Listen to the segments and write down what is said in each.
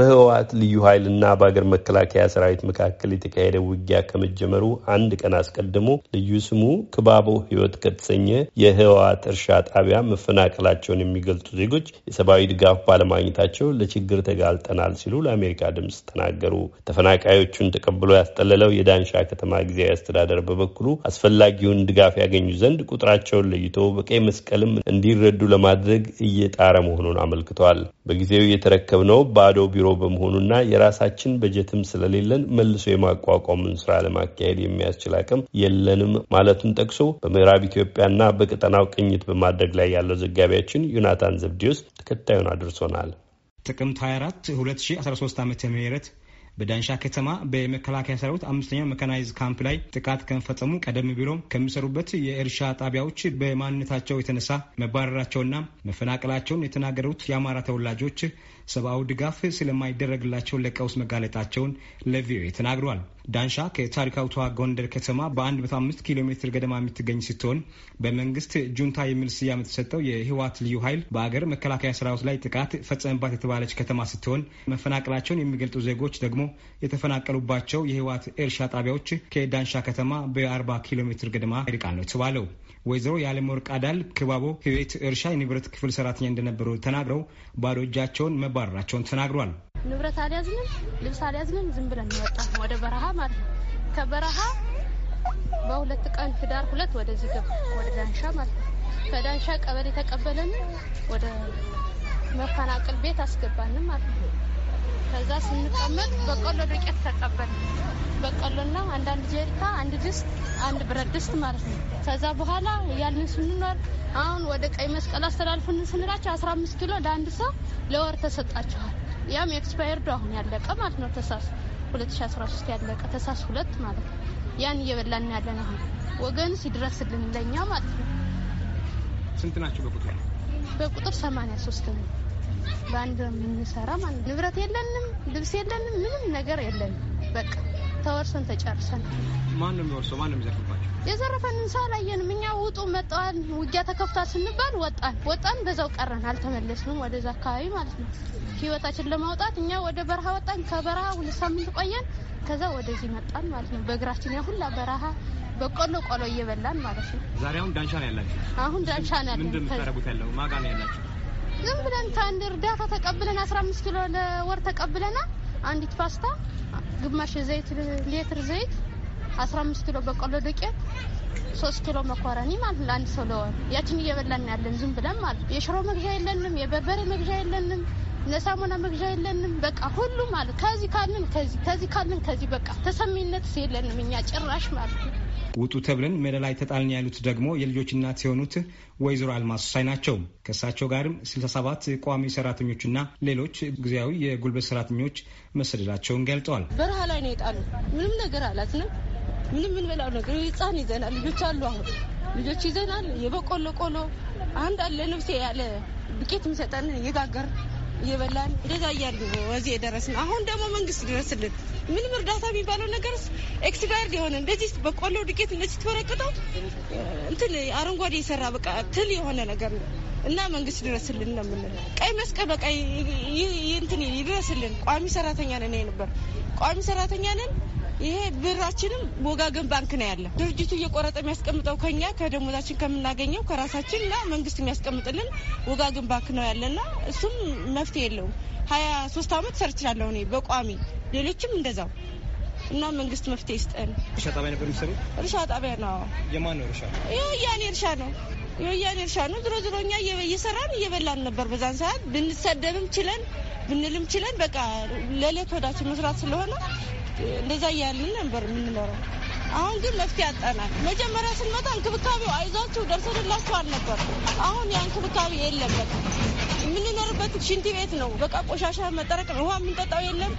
በህወሓት ልዩ ኃይልና በአገር መከላከያ ሰራዊት መካከል የተካሄደ ውጊያ ከመጀመሩ አንድ ቀን አስቀድሞ ልዩ ስሙ ክባቦ ህይወት ከተሰኘ የህወሓት እርሻ ጣቢያ መፈናቀላቸውን የሚገልጹ ዜጎች የሰብአዊ ድጋፍ ባለማግኘታቸው ለችግር ተጋልጠናል ሲሉ ለአሜሪካ ድምፅ ተናገሩ። ተፈናቃዮቹን ተቀብሎ ያስጠለለው የዳንሻ ከተማ ጊዜያዊ አስተዳደር በበኩሉ አስፈላጊውን ድጋፍ ያገኙ ዘንድ ቁጥራቸውን ለይቶ በቀይ መስቀልም እንዲረዱ ለማድረግ እየጣረ መሆኑን አመልክቷል። በጊዜው የተረከብነው ባዶ ቢሮ በመሆኑና የራሳችን በጀትም ስለሌለን መልሶ የማቋቋሙን ስራ ለማካሄድ የሚያስችል አቅም የለንም ማለቱን ጠቅሶ በምዕራብ ኢትዮጵያና በቀጠናው ቅኝት በማድረግ ላይ ያለው ዘጋቢያችን ዮናታን ዘብዲዮስ ተከታዩን አድርሶናል። ጥቅምት 24 2013 ዓ ም በዳንሻ ከተማ በመከላከያ ሰራዊት አምስተኛው መካናይዝ ካምፕ ላይ ጥቃት ከመፈጸሙ ቀደም ብሎ ከሚሰሩበት የእርሻ ጣቢያዎች በማንነታቸው የተነሳ መባረራቸውና መፈናቀላቸውን የተናገሩት የአማራ ተወላጆች ሰብአዊ ድጋፍ ስለማይደረግላቸው ለቀውስ መጋለጣቸውን ለቪኦኤ ተናግሯል ዳንሻ ከታሪካዊቷ ጎንደር ከተማ በ15 ኪሎ ሜትር ገደማ የምትገኝ ስትሆን በመንግስት ጁንታ የሚል ስያሜ የተሰጠው የህወሓት ልዩ ኃይል በአገር መከላከያ ሰራዊት ላይ ጥቃት ፈጸመባት የተባለች ከተማ ስትሆን መፈናቀላቸውን የሚገልጹ ዜጎች ደግሞ የተፈናቀሉባቸው የህወሓት እርሻ ጣቢያዎች ከዳንሻ ከተማ በ40 ኪሎ ሜትር ገደማ ይርቃል ነው የተባለው። ወይዘሮ የዓለምወርቅ አዳል ክባቦ ህቤት እርሻ የንብረት ክፍል ሰራተኛ እንደነበሩ ተናግረው ባዶ እጃቸውን መባረራቸውን ተናግሯል። ንብረት አልያዝንም፣ ልብስ አልያዝንም። ዝም ብለን ወጣ ወደ በረሃ ማለት ነው። ከበረሃ በሁለት ቀን ህዳር ሁለት ወደዚህ ገብ ወደ ዳንሻ ማለት ነው። ከዳንሻ ቀበሌ ተቀበለን ወደ መፈናቀል ቤት አስገባንም ማለት ነው። ከዛ ስንቀመጥ በቆሎ ዱቄት ተቀበል በቆሎና አንዳንድ ጀሪካ፣ አንድ ድስት፣ አንድ ብረት ድስት ማለት ነው። ከዛ በኋላ እያልን ስንኖር አሁን ወደ ቀይ መስቀል አስተላልፉን ስንላቸው አስራ አምስት ኪሎ ለአንድ ሰው ለወር ተሰጣችኋል ያም ኤክስፓየርዱ አሁን ያለቀ ማለት ነው። ተሳስ 2013 ያለቀ ተሳስ ሁለት ማለት ነው። ያን እየበላን ያለን አሁን ወገን ሲድረስልን ለኛ ማለት ነው። ስንት ናቸው በቁጥር? በቁጥር 83 ነው። በአንድ የምንሰራ ማለት ንብረት የለንም፣ ልብስ የለንም፣ ምንም ነገር የለንም። በቃ ተወርሰን ተጨርሰን። ማን ነው የሚወርሰው? ማን ነው የሚዘርፍባቸው? የዘረፈንን ሰው አላየንም። እኛ ውጡ መጣዋል፣ ውጊያ ተከፍቷል ስንባል ወጣን ወጣን፣ በዛው ቀረን፣ አልተመለስንም ወደዛ አካባቢ ማለት ነው። ህይወታችን ለማውጣት እኛ ወደ በረሃ ወጣን። ከበረሃ ሁለት ሳምንት ቆየን፣ ከዛ ወደዚህ መጣን ማለት ነው። በእግራችን ያ ሁላ በረሃ በቆሎ ቆሎ እየበላን ማለት ነው። ዛሬ አሁን ዳንሻ ነው ያላችሁ? አሁን ዳንሻ ነው ያለን። ምንድን የምታደርጉት ያለው ማጋ ነው ያላችሁ? ዝም ብለን ከአንድ እርዳታ ተቀብለን 15 ኪሎ ለወር ተቀብለናል። አንዲት ፓስታ፣ ግማሽ ዘይት ሌትር ዘይት አስራ አምስት ኪሎ በቆሎ ዱቄት፣ ሶስት ኪሎ መኮረኒ ማለት ለአንድ ሰው ለወር። ያችን እየበላን ያለን ዝም ብለን ማለት የሽሮ መግዣ የለንም፣ የበርበሬ መግዣ የለንም፣ ነሳሙና መግዣ የለንም። በቃ ሁሉ ማለት ከዚህ ካልን ከዚህ ከዚህ ካልን ከዚህ በቃ ተሰሚነት የለንም እኛ ጭራሽ ማለት ነው። ውጡ ተብለን ሜዳ ላይ ተጣልን ያሉት ደግሞ የልጆች እናት የሆኑት ወይዘሮ አልማስ ሳይ ናቸው። ከእሳቸው ጋርም 67 ቋሚ ሰራተኞችና ሌሎች ጊዜያዊ የጉልበት ሰራተኞች መሰደዳቸውን ገልጠዋል። በረሃ ላይ ነው የጣሉ ምንም ነገር አላት ምንም የምንበላው ነገር ህፃን ይዘናል። ልጆች አሉ። አሁን ልጆች ይዘናል። የበቆሎ ቆሎ አንድ አለ ነፍሴ ያለ ብቄት የሚሰጠን እየጋገር እየበላን እንደዛ እያሉ ወዚህ የደረስን። አሁን ደግሞ መንግስት ድረስልን። ምንም እርዳታ የሚባለው ነገር ኤክስፓየርድ የሆነ እንደዚህ በቆሎ ዱቄት እንደዚህ ተወረቅጠው እንትን አረንጓዴ የሰራ በቃ ትል የሆነ ነገር ነው እና መንግስት ድረስልን ነው የምንለው። ቀይ መስቀል በቃ እንትን ይድረስልን። ቋሚ ሰራተኛ ነን ነበር ቋሚ ሰራተኛ ነን ይሄ ብራችንም ወጋገን ባንክ ነው ያለ። ድርጅቱ እየቆረጠ የሚያስቀምጠው ከኛ ከደሞዛችን ከምናገኘው ከራሳችን እና መንግስት የሚያስቀምጥልን ወጋገን ባንክ ነው ያለና እሱም መፍትሄ የለውም። ሀያ ሶስት አመት ሰርችላለሁ እኔ በቋሚ ሌሎችም እንደዛው እና መንግስት መፍትሄ ይስጠን። እርሻ ጣቢያ ነበር የሚሰሩ እርሻ ጣቢያ ነው። የማን ነው እርሻ? የወያኔ እርሻ ነው። የወያኔ እርሻ ነው። ድሮ ድሮ እኛ እየሰራን እየበላን ነበር። በዛን ሰዓት ብንሰደብም ችለን ብንልም ችለን በቃ ለዕለት ወዳችን መስራት ስለሆነ እንደዛ እያልን ነበር የምንኖረው። አሁን ግን መፍትሄ ያጣናል። መጀመሪያ ስንመጣ እንክብካቤው አይዟቸው ደርሰንላችሁ አልነበር። አሁን ያ እንክብካቤ የለበት። የምንኖርበት ሽንት ቤት ነው። በቃ ቆሻሻ መጠረቅ ነው። ውሃ የምንጠጣው የለም።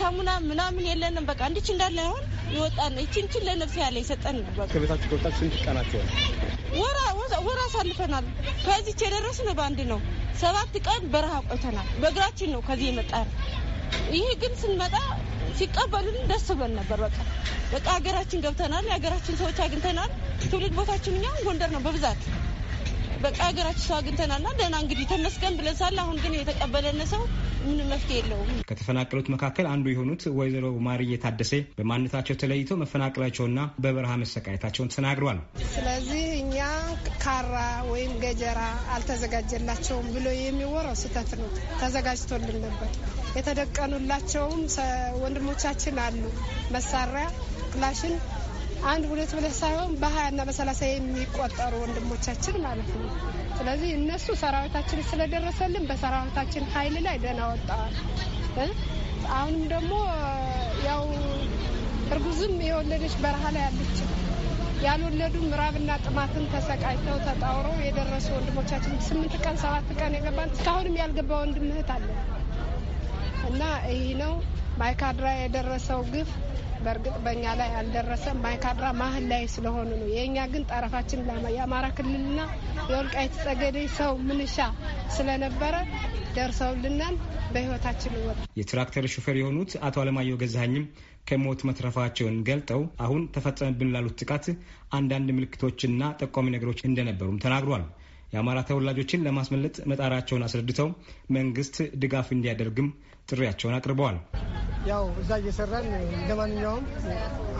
ሳሙና ምናምን የለንም። በቃ እንዲች እንዳለ አሁን ይወጣን ይችንችን ለነፍስ ያለ ይሰጠን። ከቤታችሁ ስንት ወራ አሳልፈናል። ከዚች የደረስነው በአንድ ነው። ሰባት ቀን በረሃ ቆይተናል። በእግራችን ነው ከዚህ የመጣ ይሄ ግን ስንመጣ ሲቀበሉልን ደስ ብለን ነበር። በቃ በቃ ሀገራችን ገብተናል፣ የሀገራችን ሰዎች አግኝተናል። ትውልድ ቦታችን እኛ ጎንደር ነው በብዛት በቃ ሀገራችን ሰው አግኝተናልና ደህና እንግዲህ ተመስገን ብለን ሳለ አሁን ግን የተቀበለን ሰው ምንም መፍትሄ የለውም። ከተፈናቀሉት መካከል አንዱ የሆኑት ወይዘሮ ማርዬ ታደሴ በማንነታቸው ተለይቶ መፈናቀላቸውና በበረሃ መሰቃየታቸውን ተናግረዋል። ስለዚህ ካራ ወይም ገጀራ አልተዘጋጀላቸውም ብሎ የሚወራው ስህተት ነው። ተዘጋጅቶልን ነበር። የተደቀኑላቸውም ወንድሞቻችን አሉ። መሳሪያ ክላሽን አንድ ሁለት ብለህ ሳይሆን በሀያ እና በሰላሳ የሚቆጠሩ ወንድሞቻችን ማለት ነው። ስለዚህ እነሱ ሰራዊታችን ስለደረሰልን በሰራዊታችን ኃይል ላይ ደህና ወጣዋል። አሁንም ደግሞ ያው እርጉዝም የወለደች በረሃ ላይ አለችም ያልወለዱ ምዕራብና ጥማትን ተሰቃይተው ተጣውረው የደረሱ ወንድሞቻችን ስምንት ቀን ሰባት ቀን የገባን እስካሁንም ያልገባ ወንድም እህት አለ እና ይህ ነው ማይካድራ የደረሰው ግፍ በእርግጥ በእኛ ላይ አልደረሰም። ማይካድራ ማህል ላይ ስለሆኑ ነው። የእኛ ግን ጠረፋችን የአማራ ክልልና የወልቃይት ጠገዴ ሰው ምንሻ ስለነበረ ደርሰውልናል። በህይወታችን ወጥ የትራክተር ሹፌር የሆኑት አቶ አለማየሁ ገዛኝም ከሞት መትረፋቸውን ገልጠው አሁን ተፈጸመብን ላሉት ጥቃት አንዳንድ ምልክቶችና ጠቋሚ ነገሮች እንደነበሩም ተናግሯል። የአማራ ተወላጆችን ለማስመለጥ መጣራቸውን አስረድተው መንግስት ድጋፍ እንዲያደርግም ጥሪያቸውን አቅርበዋል። ያው እዛ እየሰራን እንደ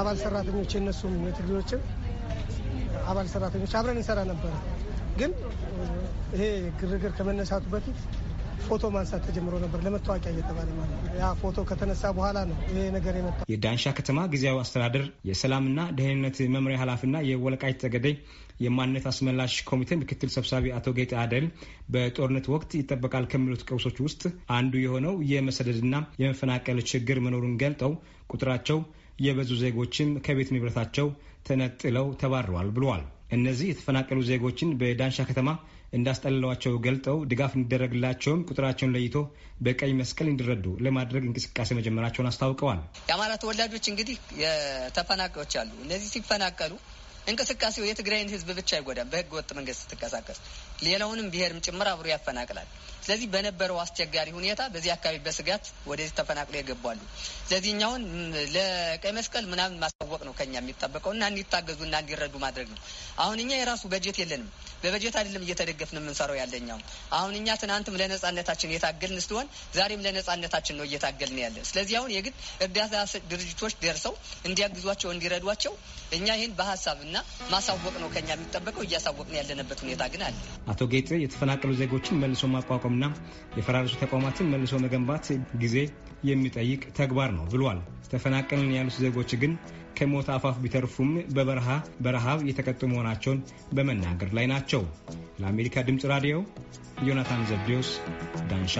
አባል ሰራተኞች የነሱም የትግሎችም አባል ሰራተኞች አብረን እንሰራ ነበር። ግን ይሄ ግርግር ከመነሳቱ በፊት ፎቶ ማንሳት ተጀምሮ ነበር ለመታወቂያ እየተባለ ማለት ነው። ያ ፎቶ ከተነሳ በኋላ ነው ይሄ ነገር የመጣ። የዳንሻ ከተማ ጊዜያዊ አስተዳደር የሰላምና ደህንነት መምሪያ ኃላፊና የወልቃይት ጠገዴ የማንነት አስመላሽ ኮሚቴ ምክትል ሰብሳቢ አቶ ጌጤ አደል በጦርነት ወቅት ይጠበቃል ከሚሉት ቀውሶች ውስጥ አንዱ የሆነው የመሰደድና የመፈናቀል ችግር መኖሩን ገልጠው ቁጥራቸው የበዙ ዜጎችም ከቤት ንብረታቸው ተነጥለው ተባረዋል ብለዋል። እነዚህ የተፈናቀሉ ዜጎችን በዳንሻ ከተማ እንዳስጠለሏቸው ገልጠው ድጋፍ እንዲደረግላቸውም ቁጥራቸውን ለይቶ በቀይ መስቀል እንዲረዱ ለማድረግ እንቅስቃሴ መጀመራቸውን አስታውቀዋል። የአማራ ተወላጆች እንግዲህ ተፈናቃዮች አሉ። እነዚህ ሲፈናቀሉ እንቅስቃሴው የትግራይን ህዝብ ብቻ አይጎዳም። በህገ ወጥ መንገድ ስትንቀሳቀስ ሌላውንም ብሔርም ጭምር አብሮ ያፈናቅላል። ስለዚህ በነበረው አስቸጋሪ ሁኔታ በዚህ አካባቢ በስጋት ወደዚህ ተፈናቅለው የገቧሉ። ስለዚህ እኛውን ለቀይ መስቀል ምናምን ማሳወቅ ነው ከኛ የሚጠበቀው እና እንዲታገዙ እና እንዲረዱ ማድረግ ነው። አሁን እኛ የራሱ በጀት የለንም። በበጀት አይደለም እየተደገፍን የምንሰራው ያለኛው። አሁን እኛ ትናንትም ለነጻነታችን የታገልን ስትሆን ዛሬም ለነጻነታችን ነው እየታገልን ያለ። ስለዚህ አሁን የግድ እርዳታ ድርጅቶች ደርሰው እንዲያግዟቸው፣ እንዲረዷቸው እኛ ይህን በሀሳብና ማሳወቅ ነው ከኛ የሚጠበቀው። እያሳወቅን ያለንበት ሁኔታ ግን አለ። አቶ ጌጤ የተፈናቀሉ ዜጎችን መልሶ ማቋቋም ማቋቋምና የፈራረሱ ተቋማትን መልሶ መገንባት ጊዜ የሚጠይቅ ተግባር ነው ብሏል። ተፈናቀልን ያሉት ዜጎች ግን ከሞት አፋፍ ቢተርፉም በበረሃ በረሃብ የተቀጡ መሆናቸውን በመናገር ላይ ናቸው። ለአሜሪካ ድምፅ ራዲዮ ዮናታን ዘብዴዎስ ዳንሻ